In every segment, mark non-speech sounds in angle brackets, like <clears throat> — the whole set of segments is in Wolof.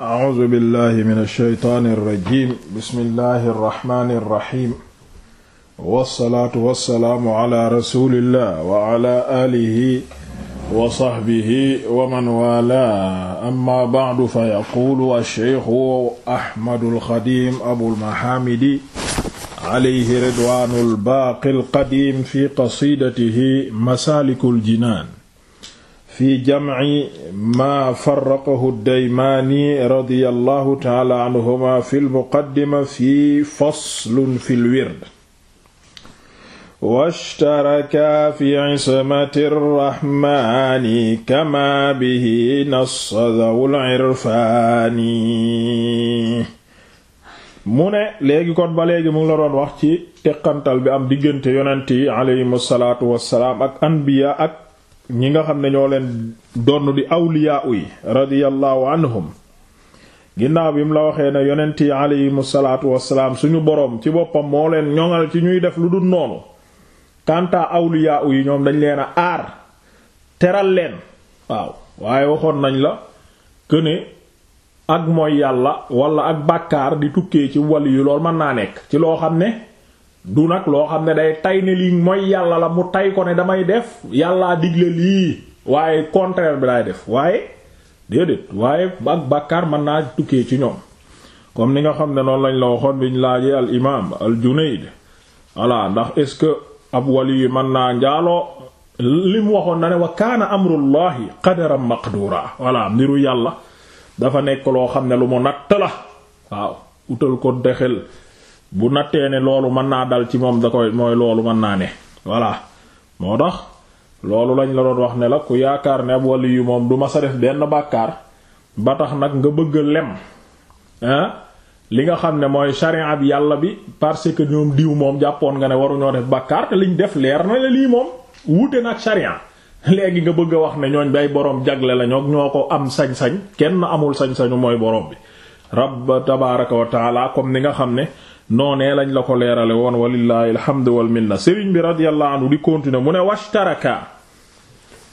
أعوذ بالله من الشيطان الرجيم بسم الله الرحمن الرحيم والصلاة والسلام على رسول الله وعلى آله وصحبه ومن والاه أما بعد فيقول الشيخ أحمد الخديم أبو المحامد عليه رضوان الباقي القديم في قصيدته مسالك الجنان fi jamci maa farraqahu daymaani radiyallahu taala anhuma fi lmuqaddima fi faslun fi lwird washtaraka fi ismati rraxmaani kama bihi nassa dawul irfaani mu ne léegi kon ba léegi mu ngi la doon wax ci teqantal bi am diggante yonent yi aleyhim salaatu wassalaam ak anbiya ak ñi nga xam ne ñoo leen donn di awliyaa yi radiyallahu anhum ginnaaw bi mu la waxee na yonent yi aleyhimu salaatu wassalaam suñu boroom ci boppam moo leen ñoŋal ci ñuy def lu dul noonu kàntaa awliyaa yi ñoom dañ leen a aar teral leen waaw waaye waxoon nañ la këne ak mooy yàlla walla ak bàkkaar di tukkee ci wali yu lool mën naa nekk ci loo xam ne du nag loo xam ne day tay ne lii mooy yàlla la mu tay ko ne damay def yàllaa digle lii waaye contraire bi laay def waaye déedéet waaye ak bàkkaar mën naa tukkee ci ñoom comme ni nga xam ne noonu lañ la waxoon biñ laajee al imaam al ndax est-ce que ab wali mën naa njaaloo li mu waxoon na ne wa kaana amrullahi qadaran maqdura voilà mbiru yàlla dafa nekk loo xam ne lu mu natt la waaw utal ko dexel bu nattee ne loolu mën naa dal ci moom da koy mooy loolu mën naa ne voilà moo tax loolu lañ la doon wax ne la ku yaakaar ne ab wàlli yu moom du ma sa def benn bàkkaar ba tax nag nga bëgg lem ah li nga xam ne mooy charia bi yàlla bi parce que ñoom diw moom jàppoon nga ne waruñoo def bàkkaar te liñ def leer na lii moom wuute nag charia léegi nga bëgg a wax ne ñooñ bay boroom jagle la ñoo ñoo ko am sañ-sañ kenn amul sañ-sañu mooy boroom bi rabb tabaaraka wa comme ni nga xam ne noonee lañu la ko leerale woon walillahi alhamdu wal minna sëriñ bi radiyallahu anhu di continuer mu ne washtaraka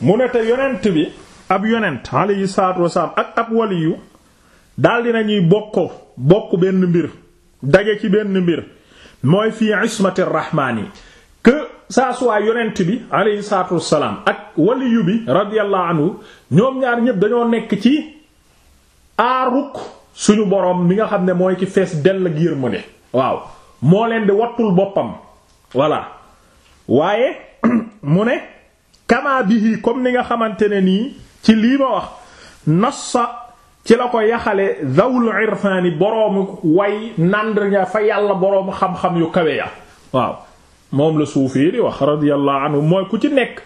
mu ne te yonent bi ab yonent alayhi salaatu wasalaam ak ab waliyu daldi nañuy bokko bokk benn mbir daje ci benn mbir mooy fii ismati rahmaani que ça soit yonent bi alayhi salaatu ak waliyu bi radiyallahu anhu ñoom ñaar ñépp dañoo nekk ci aaruk suñu boroom mi nga xam ne mooy ci fees dell ak yërmande waaw moo leen di wattul boppam voilà waaye <clears throat> mu ne kama bihi comme ni nga xamante ne nii ci lii ma wax nassa ci la ko yaxale zawul irfaani boroomu way nand ña fa yàlla boroomu xam-xam yu kawe ya waaw moom la suufii di wax radiyallahu mooy ku ci nekk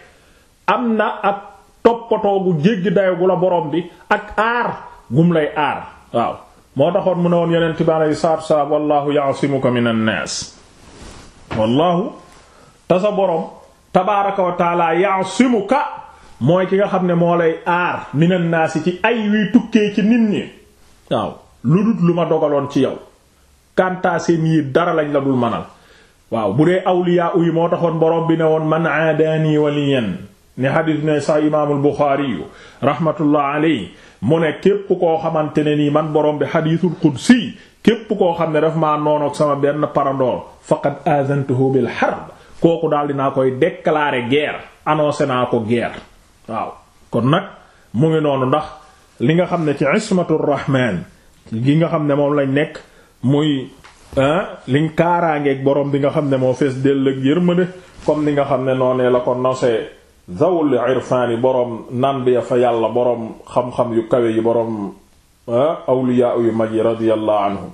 am na ak toppatoo gu jéggi dayo gu la borom bi ak aar gum lay aar waaw moo taxoon mu ne woon yonent bi alayhi salaatu wasalaam wallahu ya'simuka minan naas wallahu te sa boroom tabaaraka wa taala mooy ki nga xam ne moo lay aar minan naas ci ay yuy tukkee ci nit ñi waaw lu dut lu ma dogaloon ci yow kantaa seen dara lañ la dul manal waaw bu dee awliyaa yi moo taxoon boroom bi ne woon man aadaani waliyan ni xadiis ne sa imaamul Buxaari rahmatullah alayhi mu ne képp koo xamante ne nii man borom bi xadiisul qudsi képp koo xam ne daf maa ak sama benn parandoor faqad azantuhu bil harb kooku daal naa koy déclarer guerre annoncé naa ko guerre waaw kon nag mu ngi noonu ndax li nga xam ne ci ismatur rahman gi nga xam ne moom lañ nekk muy ah, liñ kaaraangeeg borom bi nga xam ne moo fees dell ak yërmande comme ni nga xam ne noonee la ko nosee zawul irfaani boroom naan bi fa yàlla borom xam-xam yu kawe yi boroom awliyaa yu mag yi radiyallahu anhum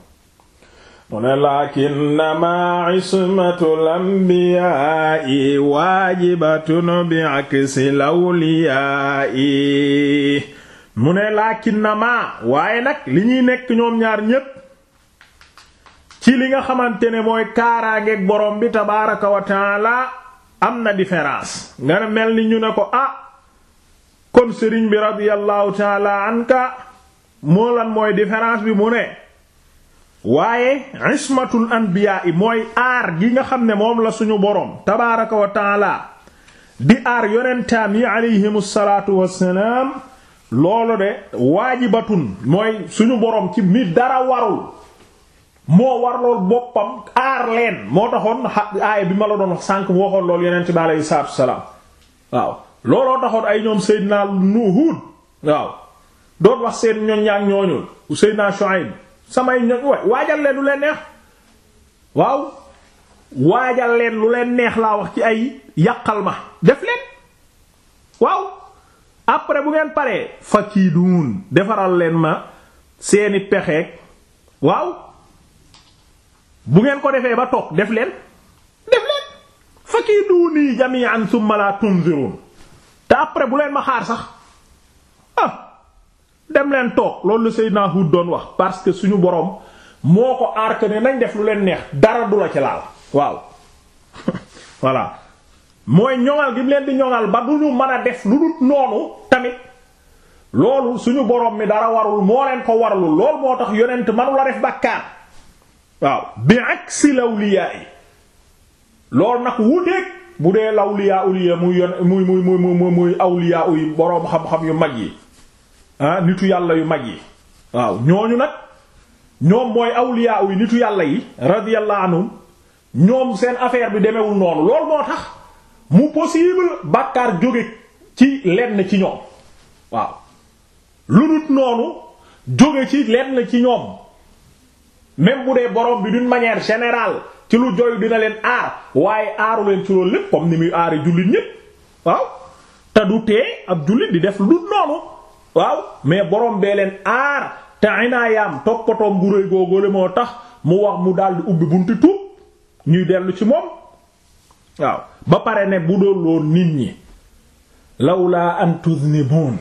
mu ne lakinnama ismatul anbiyaai waajibatun bi aksil awliyaai mu ne lakinnama waaye nag li ñuy nekk ñoom ñaar ñépp ci li nga xamante ne mooy kaaraangeeg boroom bi tabaaraka wa taala am na différance nga ne mel ni ñu ne ko ah kon sëriñ bi radiyallahu taala anka moo mooy différence bi mu ne waaye ismatul anbiya yi mooy aar gi nga xam ne moom la suñu borom tabaaraka wa taala di aar yonentaam yi alayhimu salaatu de waajibatun mooy suñu boroom ci mi dara warul moo war lool boppam aar leen moo taxoon aaya bi ma la doon wax sànq mu waxoon loolu yonent bi aleyhi salaatu salaam waaw looloo taxoon ay ñoom Seydina Nuhud waaw doon wax seen ñoñ ñaak ñooñul Seydina Shuaib samay ñoñ waay waajal leen lu leen neex waaw waajal leen lu leen neex laa wax ci ay yàqal ma def leen waaw après bu ngeen paree fakiiduun defaral leen ma seeni pexeek waaw bu ngeen ko defee ba toog def leen def leen fakiduuni jami'an thumma la tunzirun te après bu leen ma xaar sax ah dem leen toog loolu la Seydina Hud doon wax parce que suñu borom moo ko aar ne nañ def lu leen neex dara du la ci laal waaw <laughs> voilà mooy ñoŋal gi mu leen di ñoŋal ba du ñu mën a def lu dul noonu tamit loolu suñu borom mi dara warul moo leen ko warlu lool moo tax yonent mënu la def bàkkaar waaw bi aksi lawliyaa yi loolu nag wuteeg bu dee lawliyaa uliya mu yon muy muy muy muy muy awliyaa uy boroom xam-xam yu mag yi ah nitu yàlla yu mag yi waaw ñooñu nag ñoom mooy awliyaa uy nitu yàlla yi radiyallahu anhum ñoom seen affaire bi demewul noonu loolu moo tax mu possible bàkkaar jóge ci lenn ci ñoom waaw lu dul noonu jóge ci lenn ci ñoom même bu dee borom bi d'une manière générale ci lu joyu dina leen aar waaye aaru ci loolu lépp comme ni muy aari jullit ñépp waaw te du tee ab jullit di def lu noonu waaw mais borom bee leen aar te inaayaam toppatoom gu rëy moo tax mu wax mu daldi ubbi bunti tuub ñuy dellu ci moom waaw ba pare ne bu dul woon nit ñi lawla an tuznibun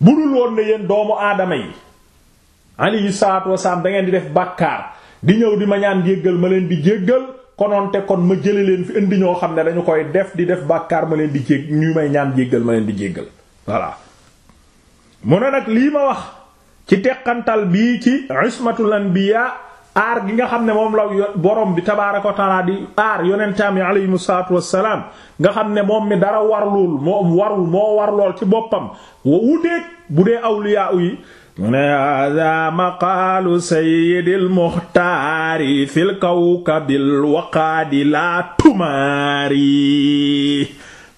bu dul woon ne yéen doomu aadama yi alayhi salaatu wasalaam da ngeen di def bàkkaar di ñëw di ma ñaan jéggal ma leen di jéggal kononte kon ma jële leen fi indi ñoo xam ne dañu koy def di def bàkkaar ma leen jég ñu may ñaan jéggal ma di jéggal voilà mu ne nag lii ma wax ci teqantal bii ci ismatul anbiya aar gi nga xam ne moom la borom bi tabaaraka ko taala di aar yonentaam yi alayhimu salaatu wassalaam nga xam ne moom mi dara warlul moom warlool ci boppam wa wuteeg bu dee awliya yi mu ne hàdda maqaalu sayyidil muxtaari fil kawkabil waqaadi laa tumaari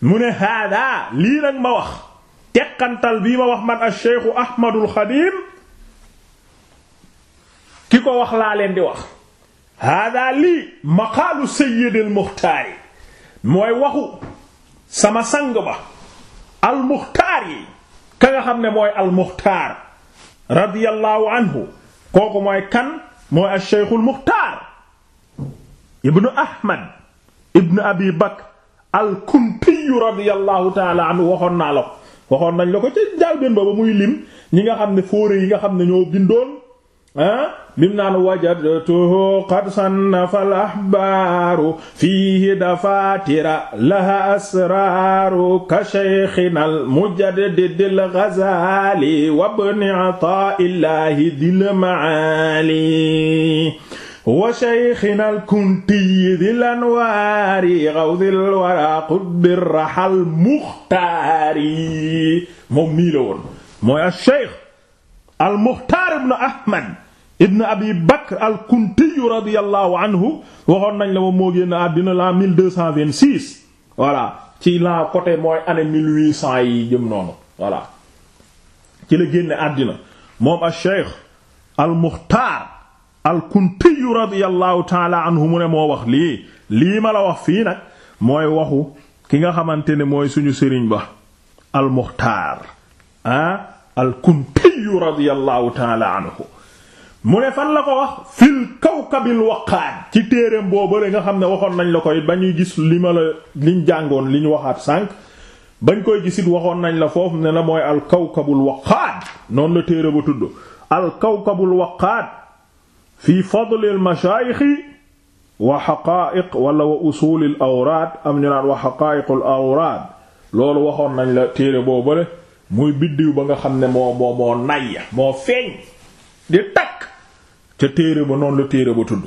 mu ne hàdda lii nag ma wax teqantal bii ma wax man al sheikhu ahmadul xadim ki ko wax laa leen di wax hàdda lii maqaalu sayyidil muxtaari mooy waxu sama sang ba al muxtaari ka nga xam ne mooy al muxtaar radiyallahu anhu kooku mooy kan mooy ash-shaykhul muxtaar ibnu ahmad ibnu abi bakr al radiyallahu taala anhu waxoon naa la waxoon nañ la ko ci jaal ben ba ba muy lim ñi nga xam ne fóore yi nga xam ne ñoo bindoon bim naan wajadtuhu qad sannafa al ahbaaru fiihi dafaatira laha asraaru ka shaykhina al mujaddid al ghazaali wa ibn ataa'illaahi dil maali wa shaykhina al kunti dil anwaari ghawdil waraa qutbir rahal muxtaari moom mii la woon mooy al shaykh al Muxtaar ibn Ahmad ibn Abi Bakr al Kunti radiyallahu waxoon nañ la moom moo génn àddina la 1226 ci la côté mooy année 1800 yi jëm noonu voilà ci la génne àddina moom al Cheikh al Muxtaar al Kunti radiyallahu taala anhu mu ne moo wax lii lii ma la wax fii nag mooy waxu ki nga xamante ne mooy suñu sëriñ ba al Muxtaar ah. al-Kuntiyu radiyallahu ta'ala anhu mu ne fan la ko wax fil kawkabil waqaad ci téereem boobu nga xam ne waxoon nañ la koy ba gis li ma la liñ jàngoon li ñu waxaat sànq bañ koy gisit waxoon nañ la foofu ne la mooy al kawkabul waqaad noonu la téere bu tudd al kawkabul waqaad fi fadlil mashaayixi wa xaqaa'iq wala wa usuulil awraad am ñu naan wa xaqaa'iqul awraad loolu waxoon nañ la téere boobale muy biddiw ba nga xam ne moo moo moo nay moo feeñ di takk ca téere ba noonu la téere ba tudd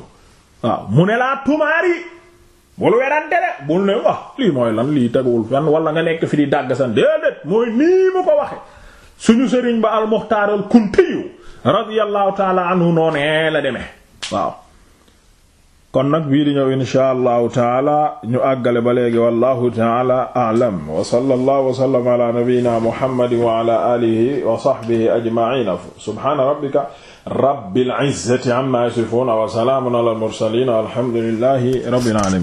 waaw mu ne laa tumaari bul werante de bul ne wax ah, lii mooy lan lii teguwul fenn wala nga nekk fi di dàgg san déedéet mooy nii mu ko waxe suñu sëriñ ba al muxtaar al kuntiyu noonee la demee waaw kon nag bii di ñëw inshaa allahu taala ñu àggale ba léegi wallahu taala a'lam wa sallallahu wa sallama ala nabiyyina muhammadin wa ala alihi wa sahbihi ajma'in subhana rabbika rabbil izzati amma yasifun wa salamun ala al mursalin alhamdulillahi rabbil alamin